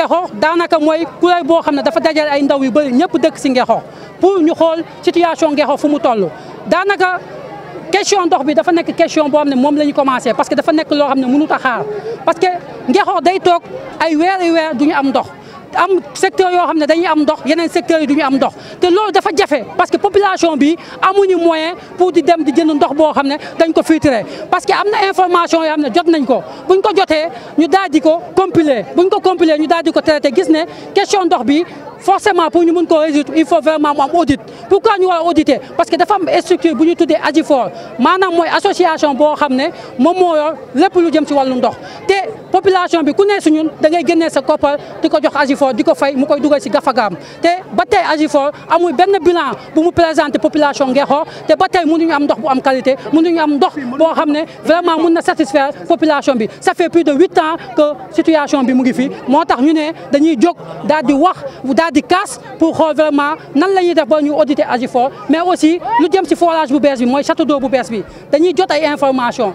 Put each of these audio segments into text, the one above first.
Ngexoox daanaka mooy kuréel boo xam ne dafa dajale ay ndaw yu bëri ñëpp dëkk si Ngexoox pour ñu xool situation Ngexoox fu mu toll daanaka question ndox bi dafa nekk question boo xam ne moom la ñu commencé parce que dafa nekk loo xam ne mënut a xaar parce que Ngexoox day toog ay weer i weer du ñu am ndox am secteur yo xam dañuy am ndox yenen secteur yi duñu am ndox té loolu dafa jafé parce que population bi amuñu moyen pour di dem di jënd ndox bo xam dañ ko filtrer parce que amna information yo xam jot nañ ko buñ ko joté ñu daal ko compiler buñ ko compiler ñu daal di ko traité gis né question ndox bi forcément pour ñu mun ko résoudre il faut vraiment mu am audit pourquoi ñu war auditer parce que dafa am structure bu ñu tuddee AGIFOR manam moy association bo xamné mom mo moo yor lépp lu jëm ci walu ndox té population bi ku ne si ñun da ngay génnee sa copal diko jox agifor diko fay mu koy dugal ci gafagam té ba tey Agifort amul benn bilan bu mu présenter population Ngexoor té ba tey ñu am ndox bu am qualité ñu am ndox bo xamné vraiment mun na satisfaire population bi ça fait plus de 8 ans que situation bi mu ngi fi motax ñu né dañuy jóg dal di wax dal di casse pour xool vraiment nan lañuy def ba ñu auditer agifor mais aussi lu jëm ci forage bu bees bi moy château d'eau bu bees bi dañuy jot ay information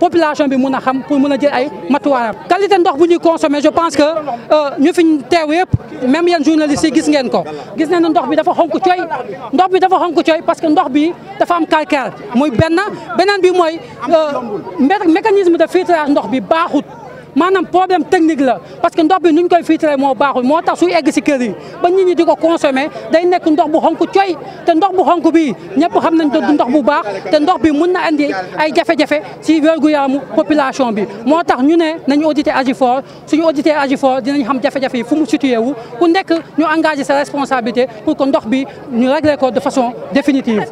population bi mun a xam pour mun a jël ay matuwaayam qualité ndox bu ñuy consommer je pense que euh, ñu fi teew yëpp même yeen journalistes yi gis ngeen ko gis nañ ne ndox bi dafa xonk cooy ndox bi dafa xonk cooy parce que ndox bi dafa am calcaire muy benn beneen bi mooy euh, mécanisme de filtrage ndox bi baaxut manam problème technique la parce que ndox bi nuñ koy filtrer mo baaxul moo tax suy egg ci kër yi ba nit ñi diko consommer day nekk ndox bu xonku coy te ndox bu xonku bi ñepp xam nañ du ndox bu baax te ndox bi mun na andi ay jafé jafé ci wér yaamu population bi moo tax ñu né nañ auditer Agifor suñu auditer Agifor dinañ xam jafé jafé fu mu situé wu ku nekk ñu engagé sa responsabilité pour que ndox bi ñu régler ko de façon définitive